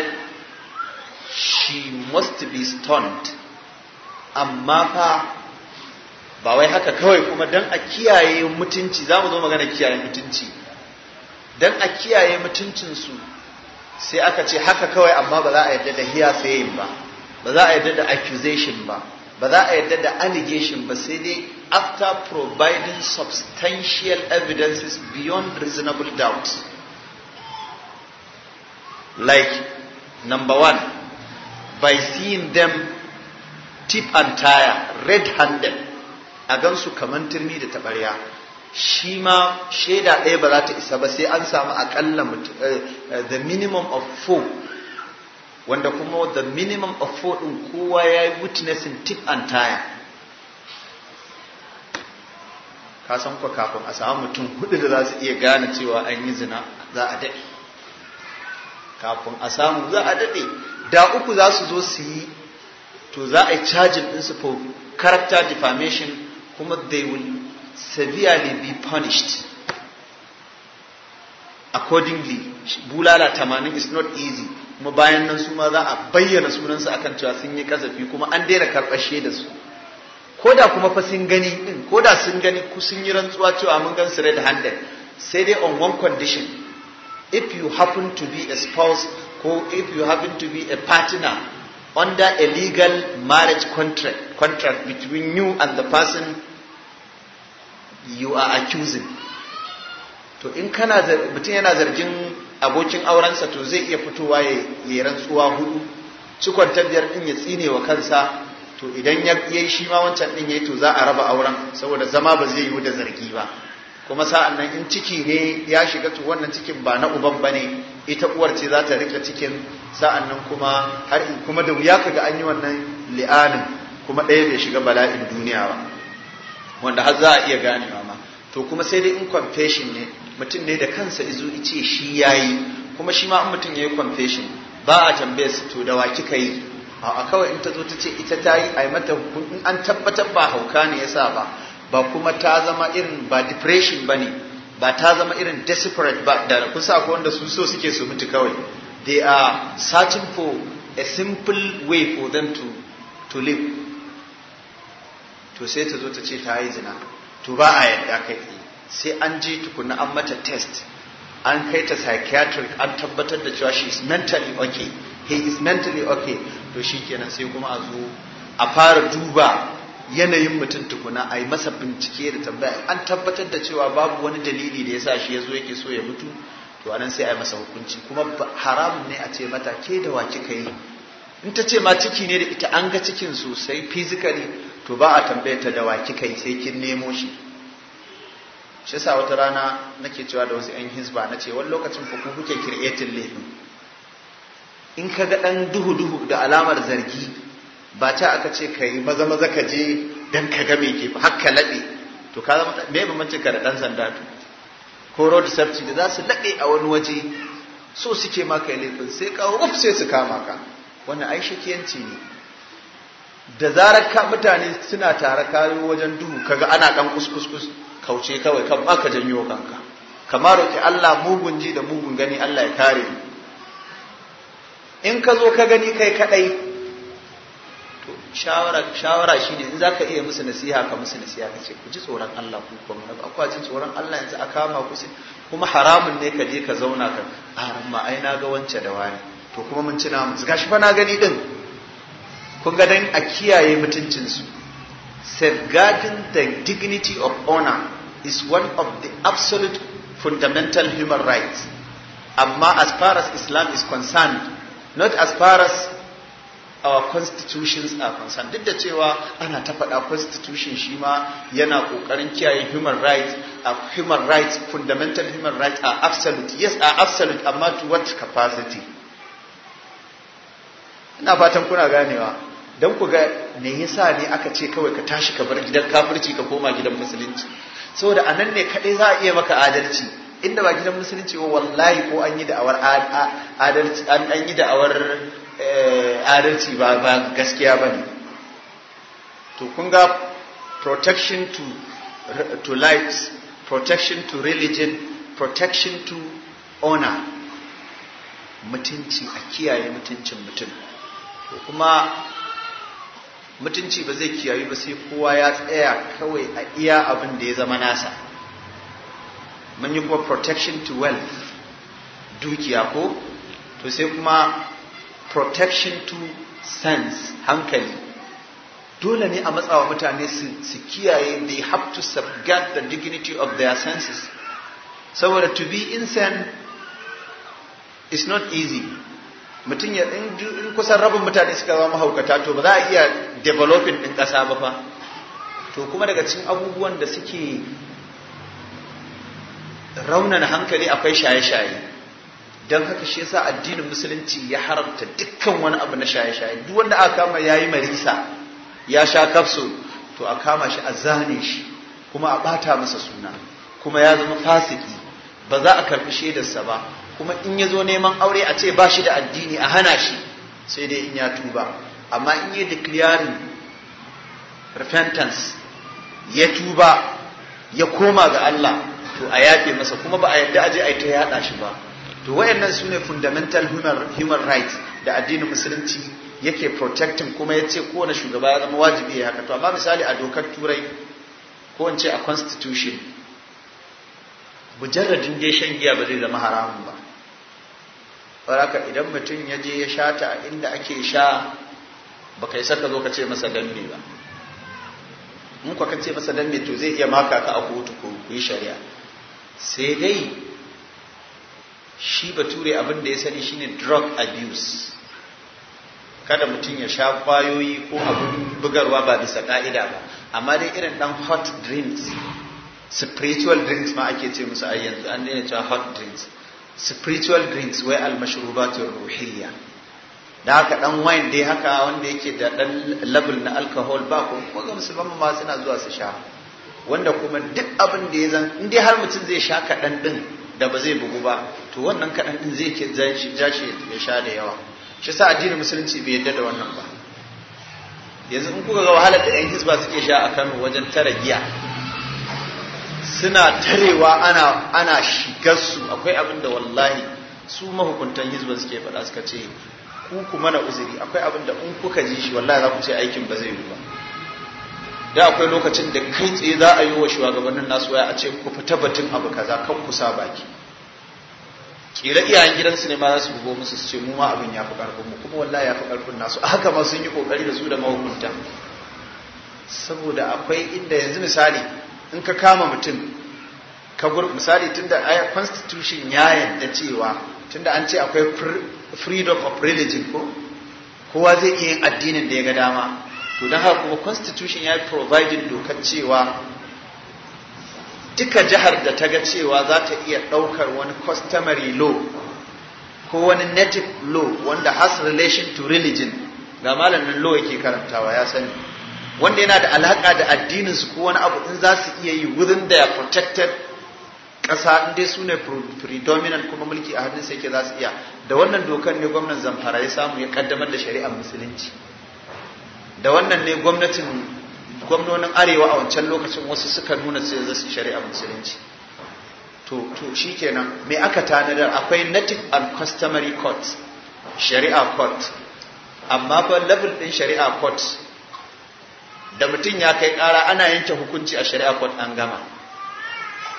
Speaker 1: she must be stoned amma fa ba wai haka kawai kuma dan a kiyaye mutunci za mu zo magana kiyaye mutunci dan a kiyaye mutuncinsu sai aka ce haka kawai amma ba za a yarda da hearsaying ba ba za a yarda da accusation ba ba za a yarda da allegation ba sai dai after providing substantial evidences beyond reasonable doubt like number one by seeing them tip and tire red-handed a gansu kamar turmi da taɓarya shi ma shaida ɗaya ba za ta isa ba sai an samu akalla eh, eh, the minimum of four wanda kuma the minimum of four ɗin kowa ya yi witnessing tip and tire ka san ku kafin a samu mutum hudu da za su iya gane cewa an yi zina za a daɗe kafin a samu za a daɗe da uku za su zo su yi to za a yi cajin ɗinsu for character defamation kuma they will severely be punished accordingly bulala tamanin is not easy kuma bayan nan su ma za a bayyana sunansu akan cewa sun yi kasafi kuma an daina karɓashe da su ko da kuma fa sun gani din ko da sun gani ku sun yi rantsuwa cewa mun gan su red handed sai dai on one condition if you happen to be a spouse ko if you happen to be a partner under a legal marriage contract contract between you and the person you are accusing to in kana mutum yana zargin abokin aurensa to zai iya fitowa ya yi rantsuwa hudu cikon tabbiyar din ya tsine wa kansa to idan ya yi shi ma wancan din yi to za a raba auren saboda zama ba zai yi da zargi ba kuma sa'an nan in ciki ne ya shiga to wannan cikin ba na uban bane ita uwar ce za ta rike cikin sa'an nan kuma har in kuma da wuya kaga an yi wannan li'anin kuma ɗaya bai shiga bala'in duniya ba wanda har za a iya ganewa ma to kuma sai dai in confession ne mutum ne da kansa izo ice shi yayi kuma shi ma in mutum yi confession ba a tambayar su to da wa kika yi a kawai in ta zo ta ce ita ta yi a mata in an tabbatar ba hauka ne yasa ba ba kuma ta zama irin ba depression ba ne ba ta zama irin desperate ba da kusa ko wanda su so suke su mutu kawai they are searching for a simple way for them to to live to sai ta zo ta ce ta yi zina to ba a yadda kai sai an ji tukuna an mata test an kai ta psychiatric an tabbatar da cewa she is mentally okay he is mentally okay to shi kenan sai kuma a zo a fara duba yanayin mutum tukuna a yi masa bincike da tambaya an tabbatar da cewa babu wani dalili da ya sa shi ya zo yake so ya mutu to anan sai a yi masa hukunci kuma haramun ne a ce mata ke da wa kika yi in ta ce ma ciki ne da ita an ga cikin sosai physically to ba a tambayar ta da wa kika yi sai kin nemo shi shi sa wata rana nake cewa da wasu 'yan Hisba na ce wani lokacin fa ku kuke kirɗetin lehin in ka ga ɗan duhu-duhu da alamar zargi ba ta aka ce ka yi maza maza ka je dan ka ga mai ke fa har ka laɓe to ka zama me mace ka da ɗan sanda to ko road safety da za su laɓe a wani waje so suke maka laifin sai ka uf sai su kama ka wannan ai shakiyanci ne da zarar ka mutane suna tare kayo wajen duhu kaga ana ɗan kuskus kauce kawai kan ba ka janyo kanka Kamar roƙi Allah mugun ji da mugun gani Allah ya kare in ka zo ka gani kai kadai to shawara shawara shine in zaka iya musu nasiha ka musu nasiha ka ce ku ji tsoron Allah ku kuma akwai jin tsoron Allah yanzu a kama ku kuma haramun ne ka je ka zauna ka haram ah, ma ai na ga wance da wani to kuma mun ci namu gashi fa na gani din kun ga dan a kiyaye mutuncin su safeguarding the dignity of honor is one of the absolute fundamental human rights. Amma as far as Islam is concerned, not as far as our constitutions are concerned. Duk da cewa ana ta faɗa constitution shi ma yana ƙoƙarin kiyaye human rights, uh, human rights, fundamental human rights are absolute. Yes, are absolute, amma to what capacity? Ina fatan kuna ganewa. Don ku ga me yasa ne aka ce kawai ka tashi ka bar gidan kafirci ka koma gidan musulunci. saboda a nan ne kaɗai za a iya maka adalci inda ba gidan musulunci ba wallahi ko an yi da'awar adalci an eh, adalci ba ba gaskiya ba ne to kun ga protection to to lives protection to religion protection to honor mutunci a kiyaye mutuncin mutum kuma mutunci ba zai kiyayu ba sai kowa ya tsaya kawai a iya abin da ya zama nasa mun yi kuma protection to wealth dukiya ko to sai kuma protection to sense hankali dole ne a matsawa mutane su kiyaye they have to safeguard the dignity of their senses saboda to be insane is not easy mutum ya in kusan rabin mutane suka zama mahaukata to ba za a iya developing ɗin ƙasa ba fa to kuma daga cikin abubuwan da suke raunana hankali akwai shaye-shaye don haka shi yasa addinin musulunci ya haramta dukkan wani abu na shaye-shaye duk wanda aka kama ya yi marisa ya sha kafso to a kama shi a zane shi kuma a bata masa suna kuma ya zama fasiki ba za a karbi shaidarsa ba kuma in ya zo neman aure a ce ba shi da addini a hana shi sai dai in ya tuba amma in yi declaring repentance ya tuba ya koma ga Allah to a yafe masa kuma ba a yadda aje a ta yada shi ba to wayannan su ne fundamental human, human rights da addinin musulunci yake protecting kuma ya ce kowane shugaba ya zama wajibi ya haka to amma misali a dokar turai ko in ce a constitution mujarradin dai shan giya ba zai zama haramun ba faraka idan mutum ya je ya sha ta a inda ake sha ba kai saka zo ka ce masa dambe ba in ka ce masa dambe to zai iya maka ka a kotu ko yi shari'a sai dai shi bature abin da ya sani shine drug abuse kada mutum ya sha kwayoyi ko abin bugarwa ba bisa ka'ida ba amma dai irin ɗan hot drinks spiritual drinks ma ake ce musu a yanzu an daina cewa hot drinks spiritual drinks wai al ruhiyya da haka dan wine dai haka wanda yake da dan level na alcohol ba ko ko musulman ma suna zuwa su sha wanda kuma duk abin da ya zan in dai har mutum zai sha kaɗan din da ba zai bugu ba to wannan kaɗan din zai ke zai shi ya sha da yawa shi sa addinin musulunci bai yadda da wannan ba yanzu in kuka ga wahalar da yan hisba suke sha a Kano wajen tara giya suna tarewa ana ana shigarsu akwai abin da wallahi su mahukuntan hizba suke faɗa suka ce ku kuma na uzuri akwai abin da in kuka ji shi wallahi za ku ce aikin ba zai yi ba da akwai lokacin da kai tsaye za a yi wa shugabannin nasu waya a ce ku fita batun abu kaza kan ku sa baki kira iyayen gidansu ne ma za su bugo musu su ce mu ma abin ya fi karfin mu kuma wallahi ya fi karfin nasu haka ma sun yi kokari da su da mahukunta saboda akwai inda yanzu misali in ka kama mutum ka gur misali tunda aya constitution ya yadda cewa tunda an ce akwai freedom of religion ko kowa zai iya yin addinin da ya ga dama to don haka kuma constitution ya providing dokar cewa duka jihar da ta ga cewa za ta iya ɗaukar wani customary law ko wani native law wanda has relation to religion ga malamin law yake karantawa ya sani wanda yana da alaka da addinin su ko wani abu in za su iya yi wurin da protected ƙasa in dai su ne predominant kuma mulki a hannun sai ke za su iya da wannan dokar ne gwamnan zamfara ya samu ya kaddamar da shari'ar musulunci da wannan ne gwamnatin gwamnonin arewa a wancan lokacin wasu suka nuna sai za su shari'ar musulunci to to shikenan me aka tanadar akwai native and customary court shari'a court amma fa level din shari'a court da mutum ya kai ƙara ana yanke hukunci a shari'a court an gama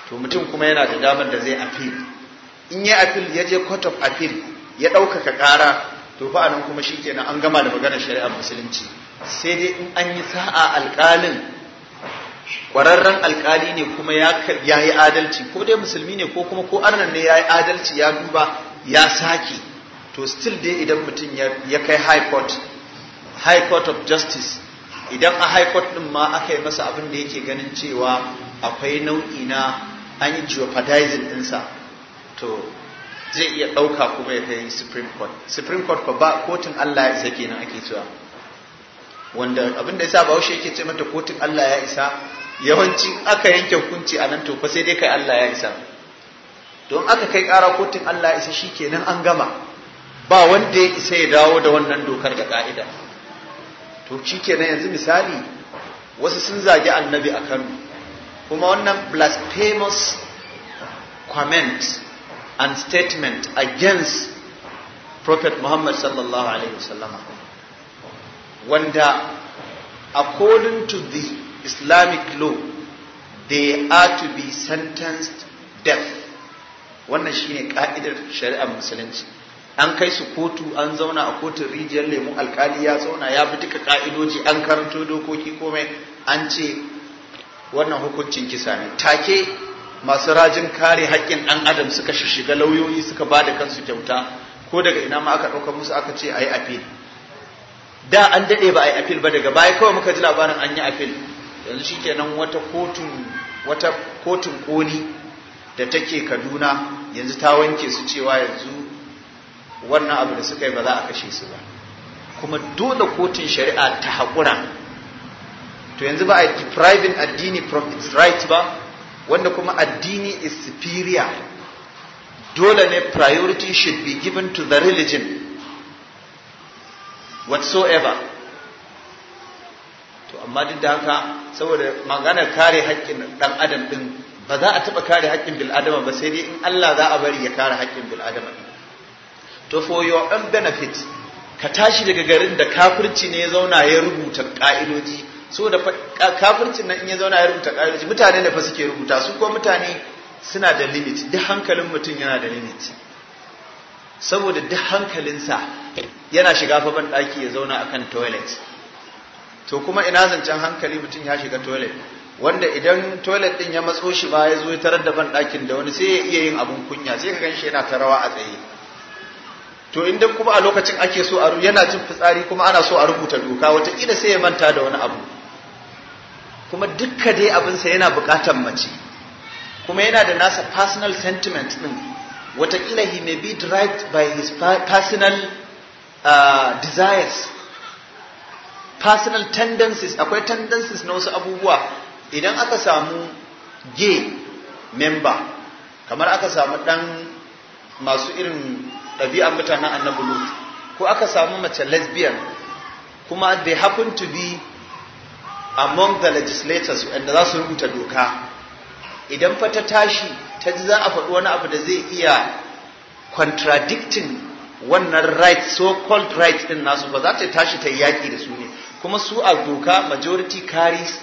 Speaker 1: to mutum kuma yana da damar da zai appeal in ya appeal ya je court of appeal ya ɗaukaka ƙara to fa anan kuma shikenan an gama da maganar shari'ar musulunci sai dai in an yi sa'a alƙalin ƙwararren alƙali ne kuma ya yi adalci ko dai musulmi ne ko kuma ko arnan ne ya yi adalci ya duba ya sake to still dai idan mutum ya kai high court high court of justice idan a high court din ma aka yi masa abin da yake ganin cewa akwai nau'i na an yi jeopardizing ɗinsa to zai iya ɗauka kuma ya kai supreme court supreme court ba kotun allah ya isa kenan ake cewa wanda abin da yasa bahaushe yake ce mata kotun allah ya isa yawanci aka yanke hukunci a nan to fa sai dai kai allah ya isa don aka kai ƙara kotun allah ya isa shikenan an gama ba wanda ya isa ya dawo da wannan dokar da ka'ida to shi kenan yanzu misali wasu sun zagi annabi a kano kuma wannan blasphemous comment and statement against prophet muhammad sallallahu alaihi wasallama wanda according to the islamic law they are to be sentenced death wannan shine ka'idar shari'ar musulunci an kai su kotu an zauna a kotun rijiyar lemu alkali ya zauna ya bi duka ka'idoji an karanto dokoki komai an ce wannan hukuncin kisa ne take masu rajin kare haƙƙin ɗan adam suka shiga lauyoyi suka ba da kansu kyauta ko daga ina ma aka ɗauka musu aka ce a yi apil da an daɗe ba a yi apil ba daga baya kawai muka ji labarin an yi apil yanzu shikenan wata kotun wata kotun koli da take kaduna yanzu ta wanke su cewa yanzu wannan abu da suka yi ba za a kashe su ba kuma dole kotun shari'a ta haƙura to yanzu ba a depriving addini from its right ba wanda kuma addini is superior dole ne priority should be given to the religion whatsoever to amma duk da haka saboda maganar kare haƙƙin ɗan adam ɗin ba za a taɓa kare haƙƙin bil'adama ba sai dai in Allah za a bari ya kare haƙƙin bil'adama ɗin to for your own benefit ka tashi daga garin da kafirci ne ya zauna ya rubuta ka'idoji so da kafircin nan in ya zauna ya rubuta ka'idoji mutane ne fa suke rubuta su ko mutane suna da limit duk hankalin mutum yana da limit saboda duk hankalinsa yana shiga fa ban ya zauna akan toilet to kuma ina zancen hankali mutum ya shiga toilet wanda idan toilet din ya matso shi ba ya zo ya tarar da ban dakin da wani sai ya iya yin abun kunya sai ka gan shi yana ta rawa a tsaye to inda kuma a lokacin ake so a yana jin fitsari kuma ana so a rubuta doka wataƙila sai ya manta da wani abu kuma dukka dai abinsa yana buƙatar mace kuma yana da nasa personal sentiment ɗin wataƙila he may be derived by his personal uh, desires personal tendencies akwai tendencies na wasu abubuwa idan aka samu gay member kamar aka samu ɗan masu irin ɗabi'ar mutanen annabulu ko aka samu mace lesbian kuma they happen to be among the legislators wanda za su rubuta doka idan fa ta tashi ta ji za a faɗi wani abu da zai iya contradicting wannan right so called right din nasu ba za ta tashi ta yi yaƙi da su ne kuma su a doka majority carries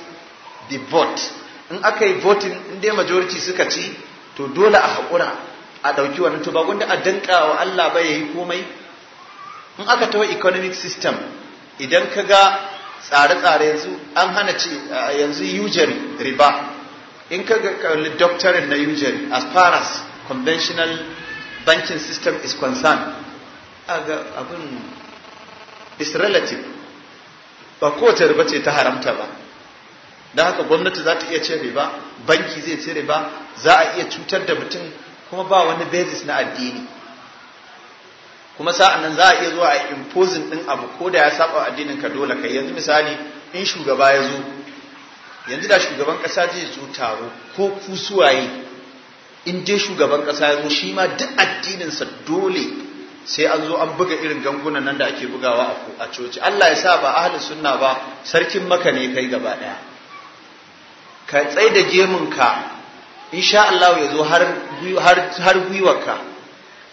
Speaker 1: the vote in aka yi voting in dai majority suka ci to dole a haƙura a ɗauki wannan to ba gunda a danka wa Allah ba yayi komai in aka tawo economic system idan kaga ga tsare-tsare yanzu an hana ci yanzu usury riba in ka ga kalli na usury as far as conventional banking system is concerned aga abun is relative ba kowace riba ce ta haramta ba da haka gwamnati za ta iya ce riba banki zai ce riba za a iya cutar da mutum kuma ba wani basis na addini kuma sa'an nan za a iya zuwa a imposing ɗin abu ko da ya saba addinin ka dole kai yanzu misali in shugaba ya zo yanzu da shugaban ƙasa zai zo taro ko ku suwaye in je shugaban ƙasa ya zo shi ma duk addinin sa dole sai an zo an buga irin gangunan nan da ake bugawa a coci Allah ya sa ba ahlus sunna ba sarkin maka ne kai gaba ɗaya ka tsaye da gemunka insha Allah ya zo har gwiwarka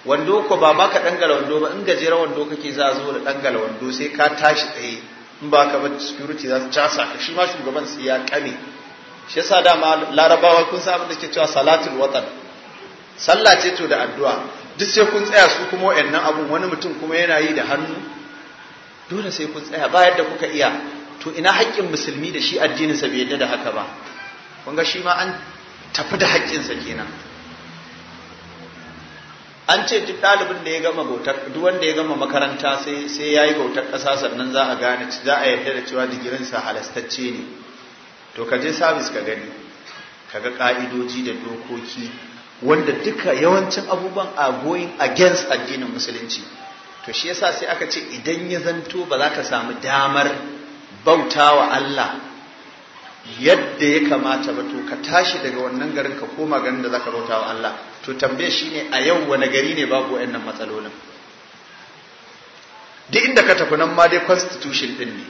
Speaker 1: wando ko ba ma ka dangala wando ba in gajera wando kake za a zo da dangala wando sai ka tashi tsaye in ba ka ba security za su casa ka shi ma shugaban sai ya kame shi yasa dama larabawa kun san abin da ke cewa salatul watan sallah ce to da addu'a duk sai kun tsaya su kuma wayannan abu. wani mutum kuma yana yi da hannu dole sai kun tsaya ba yadda kuka iya to ina haƙƙin musulmi da shi addinin sa bai yadda da haka ba kun ga shi ma an tafi da haƙƙinsa kenan an ce duk ɗalibin da ya gama bautar duk wanda ya gama makaranta sai sai yayi bautar ƙasa sannan za a gane za a yarda da cewa digirin sa halastacce ne to ka je service ka gani kaga ka'idoji da dokoki wanda duka yawancin abubuwan a going against addinin musulunci to shi yasa sai aka ce idan ya zanto ba za ka samu damar bautawa Allah yadda ya kamata ba to ka tashi daga wannan garin ka koma garin da zaka bauta wa Allah to tambaye shi ne a yau wani gari ne babu wayannan matsalolin duk inda ka tafi nan ma dai constitution din ne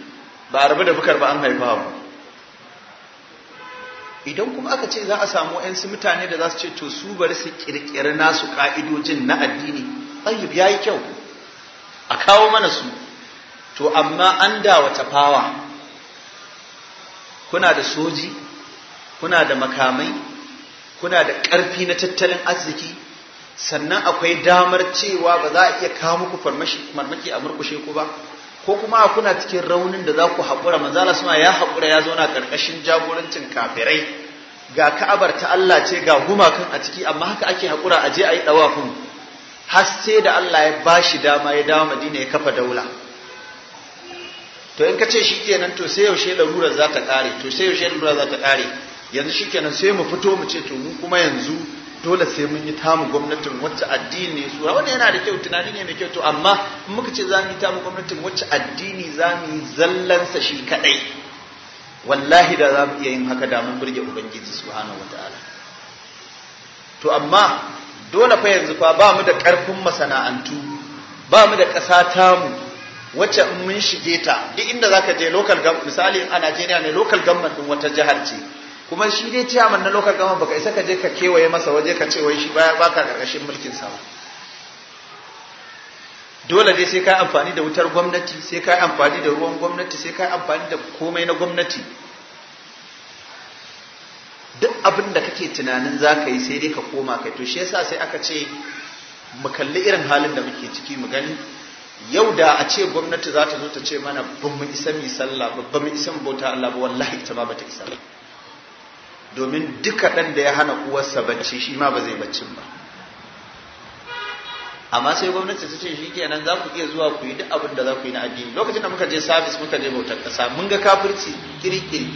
Speaker 1: ba a rabu da bukar ba an haifa ba. idan kuma aka ce za a samu yansu mutane da za su ce to su bari su kirkiri nasu ka'idojin na addini ya yayi kyau a kawo mana su to amma an da wata fawa kuna da soji kuna da makamai kuna da ƙarfi na tattalin arziki sannan akwai damar cewa ba za a iya kawo muku farmaki a murkushe ku ba ko kuma kuna cikin raunin da za ku haƙura manzala suna ya haƙura ya zauna ƙarƙashin jagorancin kafirai ga ka'abar ta Allah ce ga gumakan a ciki amma haka ake haƙura a je a yi ɗawafin har sai da Allah ya bashi dama ya dawo Madina ya kafa daula to in ka ce shi kenan to sai yaushe larurar za ta ƙare to sai yaushe larurar za ta ƙare yanzu shi kenan sai mu fito mu ce to mu kuma yanzu dole sai mun yi tamu gwamnatin wacce addini ne sura wanda yana da kyau tunani ne mai kyau to amma in muka ce za mu yi tamu gwamnatin wacce addini za mu yi zallansa shi kaɗai wallahi da za mu iya yin haka da mun burge ubangiji subhanahu wataala to amma dole fa yanzu fa ba mu da karfin masana'antu ba mu da ƙasa tamu wacce in mun shige ta duk inda za ka je local government misali a Najeriya ne local government din wata jihar ce kuma shi dai ciyaman na local government baka isa ka je ka kewaye masa waje ka ce wai shi baya baka karkashin mulkin sa dole dai sai ka amfani da wutar gwamnati sai ka amfani da ruwan gwamnati sai kai amfani da komai na gwamnati duk abin da kake tunanin za ka yi sai dai ka koma kai to shi yasa sai aka ce mu kalli irin halin da muke ciki mu gani yau da a ce gwamnati za ta zo ta ce mana babban isa mu sallah ba isa bauta Allah ba wallahi ita ma bata isa domin duka dan da ya hana uwarsa bacci shi ma ba zai baccin ba amma sai gwamnati ta ce shi kenan za ku iya zuwa ku yi duk abin da za ku yi na addini lokacin da muka je sabis muka je bautar ƙasa mun ga kafirci kirkiri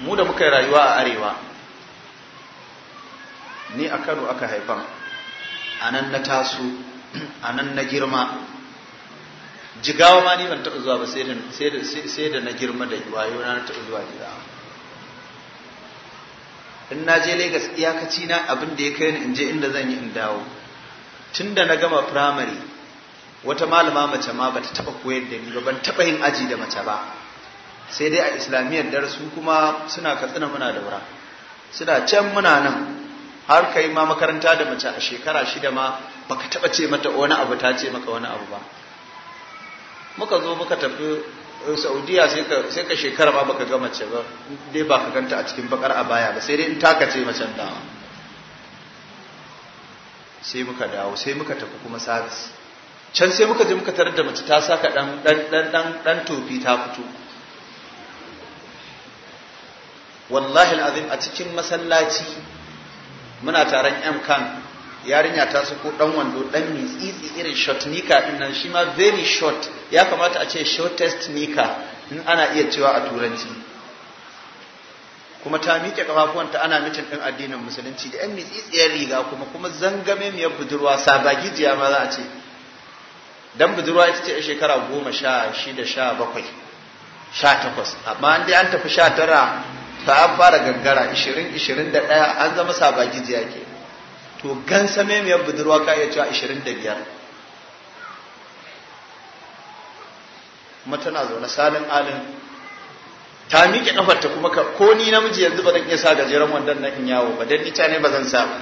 Speaker 1: mu da muka yi rayuwa a arewa ni a kano aka haifan anan na taso a nan na girma jigawa ma ni ban taɓa zuwa ba sai da na girma da wayo na taɓa zuwa gida in na je Legas iyakaci na abin da ya kai ni in je inda zan yi in dawo tun da na gama firamare wata malama mace ma ba ta taɓa koyar da ni ba ban taɓa yin aji da mace ba sai dai a islamiyyar darasu kuma suna katsina muna da wura suna can muna nan har kai ma makaranta da mace a shekara shida ma baka taba ce mata wani abu ta ce maka wani abu ba muka zo muka tafi eh, saudiya sai ka shekara ma baka ga mace ba dai ba ka ganta a cikin bakar a baya ba sai dai in taka ce macen dawa sai muka dawo sai muka tafi kuma sabis can sai muka je muka tarar da mace ta saka dan dan dan dan tofi ta fito wallahi alazim a cikin masallaci muna taron yan kan yarinya ta sako dan wando dan mitsitsi irin short nika din nan shi ma very short ya kamata a ce shortest nika in ana iya cewa a turanci kuma ta miƙe kafafuwanta ana mitin din addinin musulunci da yan mitsitsiyar riga kuma kuma zangame miyar budurwa jiya ma za a ce dan budurwa ita ce a shekara goma sha shida sha bakwai sha takwas amma dai an tafi sha tara ta an fara gangara 20 21 an zama sabaki jiya ke to gan same mai budurwa ka iya cewa 25 kuma tana zaune salin alin ta miƙe kafarta kuma ko ni namiji yanzu ba zan iya sa gajeren wandon na in yawo ba dan ita ne ba zan sa ba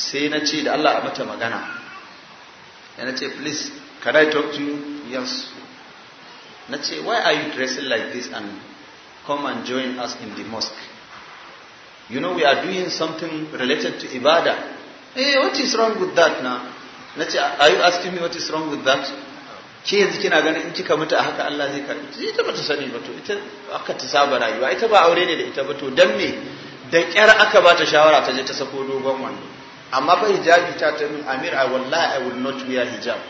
Speaker 1: sai na ce da Allah a mata magana ya na ce please can I talk to you yes na ce why are you dressing like this and come and join us in the mosque. You know, we are doing something related to ibadah. Hey, eh, what is wrong with that now? Are you asking me what is wrong with that? ke yanzu kina ganin in kika mutu a haka Allah zai karbi ita bata sani ba to ita aka ta saba rayuwa ita ba aure ne da ita ba to dan me da kyar aka ba ta shawara ta je ta sako dogon wando amma ba hijabi ta ta min amir i wallahi i will not wear hijab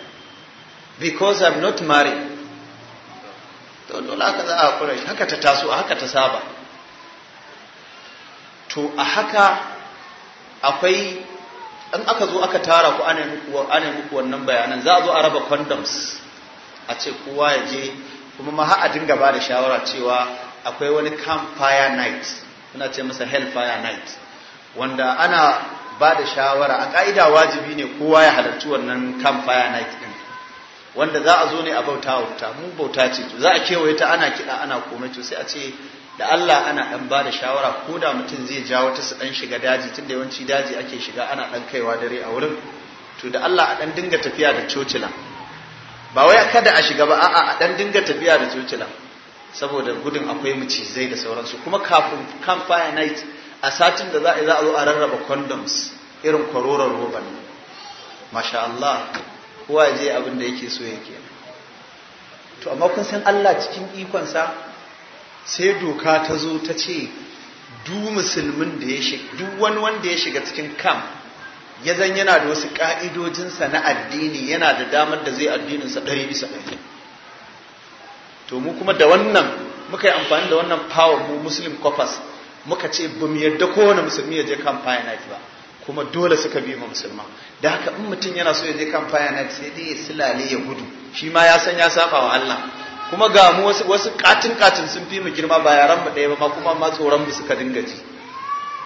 Speaker 1: because i'm not married to dole haka za a hakura shi haka ta taso haka ta saba to a haka akwai in aka zo aka tara ku ana muku muku wannan bayanan za a zo a raba condoms a ce kowa ya je kuma ma har a dinga ba da shawara cewa akwai wani campfire night suna ce masa hellfire night wanda ana ba da shawara a ka'ida wajibi ne kowa ya halarci wannan campfire night wanda za a zo ne a bauta wuta mu bauta ce to za a kewaye ta ana kiɗa ana komai to sai a ce da Allah ana ɗan ba da shawara ko da mutum zai ja wata su dan shiga daji tunda yawanci daji ake shiga ana dan kaiwa dare a wurin to da Allah a dan dinga tafiya da cocila ba wai kada a shiga ba a'a a ɗan dinga tafiya da cocila saboda gudun akwai macizai da sauransu kuma kafin campfire night a satin da za a zo a rarraba condoms irin kwaroron roban masha Allah kowa je abin da yake so yake to amma kun san Allah cikin ikonsa sai doka ta zo ta ce duk musulmin da ya shiga duk wani wanda ya shiga cikin kam ya zan yana da wasu ka'idojinsa na addini yana da damar da zai addininsa ɗari bisa ɗari to mu kuma da wannan muka yi amfani da wannan power mu muslim corpus muka ce ba mu yarda kowane musulmi ya je kan fire night ba kuma dole suka bi ma musulma da haka in mutum yana so ya je kan faya sai dai ya silale ya gudu shi ma ya san ya saba wa Allah kuma ga mu wasu wasu katin katin sun fi mu girma ba yaran mu ɗaya ba kuma ma tsoron mu suka dinga ji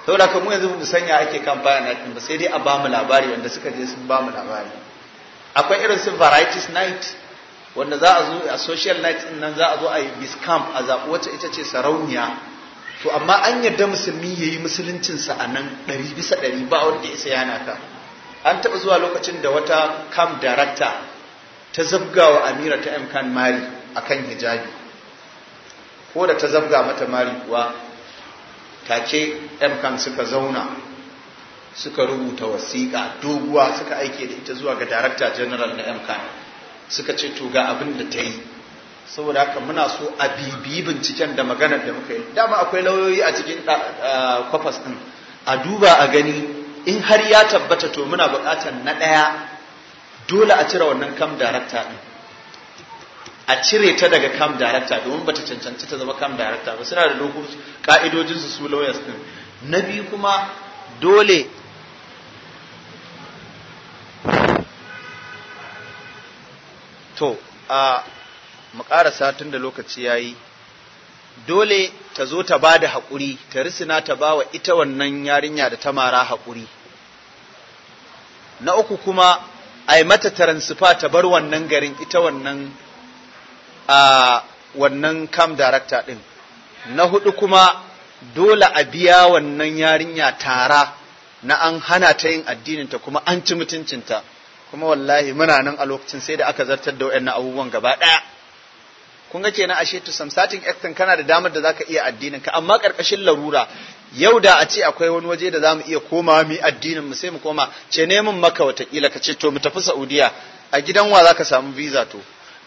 Speaker 1: saboda haka mu yanzu mu sanya ake kan faya din ba sai dai a ba mu labari wanda suka je sun ba mu labari akwai irin su varieties night wanda za a zo a social night din nan za a zo a yi biscamp a zaɓi wacce ita ce sarauniya to amma an yarda musulmi ya yi musuluncinsa a nan ɗari bisa ɗari ba wanda isa yana ka an taɓa zuwa lokacin da wata kam darakta ta zabga wa amira ta kan mari a kan hijabi ko da ta zabga mata mari kuwa take kan suka zauna suka rubuta wasiƙa doguwa suka aike da ita zuwa ga darakta general na kan suka ce to ga abin da ta yi saboda haka muna so a bibiyi binciken da maganar da muka yi dama akwai lauyoyi a cikin ah, ah, kwafas ɗin a duba a gani in har ya tabbata to muna buƙatar na ɗaya dole a cire wannan kam darakta ɗin a cire ta daga kam darakta domin bata cancanci ta zama kam darakta ba suna da dokoki ka'idojin su su lawyers ɗin na biyu kuma dole to ah, mu ƙarasa tun da lokaci ya yi dole ta zo ta ba da haƙuri ta risina ta ba wa ita wannan yarinya da ta mara haƙuri na uku kuma ai mata taransifa ta bar wannan garin ita wannan a wannan cam director ɗin na hudu kuma dole a biya wannan yarinya tara na an hana ta yin addininta kuma an ci mutuncinta kuma wallahi muna nan a lokacin sai da aka zartar da wa'annan abubuwan gaba ɗaya kun ga kenan ashe to some certain extent kana da damar da zaka iya addinin ka amma karkashin larura yau da a ce akwai wani waje da zamu iya koma mu addinin mu sai mu koma ce neman maka watakila ka ce to mu tafi Saudiya a gidan wa zaka samu visa to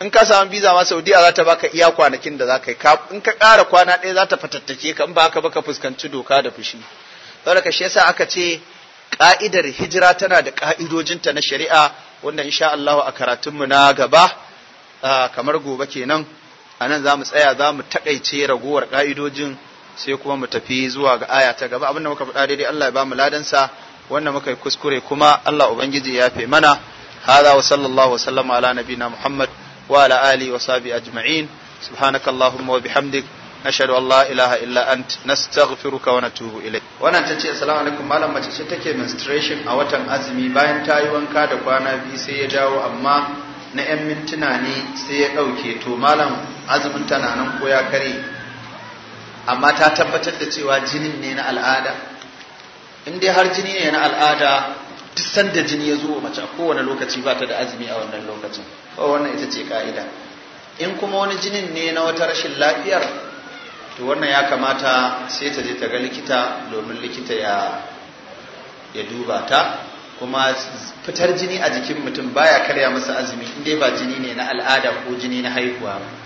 Speaker 1: in ka samu visa ma Saudiya za ta baka iya kwanakin da zaka yi in ka kara kwana ɗaya za ta fatattake ka in ba haka ba ka fuskanci doka da fushi saboda shi yasa aka ce ka'idar hijira tana da ka'idojinta na shari'a wanda insha Allah a karatunmu na gaba kamar gobe kenan a nan za mu tsaya za mu taƙaice ragowar ƙa'idojin sai kuma mu tafi zuwa ga aya ta gaba abinda muka faɗa daidai Allah ya ba mu ladansa wannan muka yi kuskure kuma Allah ubangiji ya fe mana hada wa sallallahu sallama ala nabina Muhammad wa ala ali wa sahbi ajma'in subhanakallahumma wa bihamdik nashhadu an la ilaha illa ant nastaghfiruka wa natubu ilayk wannan tace assalamu alaikum malam mace ce take menstruation a watan azumi bayan ta yi wanka da kwana biyu sai ya dawo amma na 'yan mintuna ne sai ya ɗauke to malam azumin tana nan ko ya kare amma ta tabbatar da cewa jinin ne na al'ada in dai har jini ne na al'ada duk sanda jini ya zo mace a kowane lokaci ba ta da azumi a wannan lokacin ko wannan ita ce ka'ida in kuma wani jinin ne na wata rashin lafiyar to wannan ya kamata sai ta je ta ga likita domin likita ya ya duba ta kuma fitar jini a
Speaker 2: jikin mutum baya karya masa azumi in dai ba jini ne na al'ada ko jini na haihuwa ba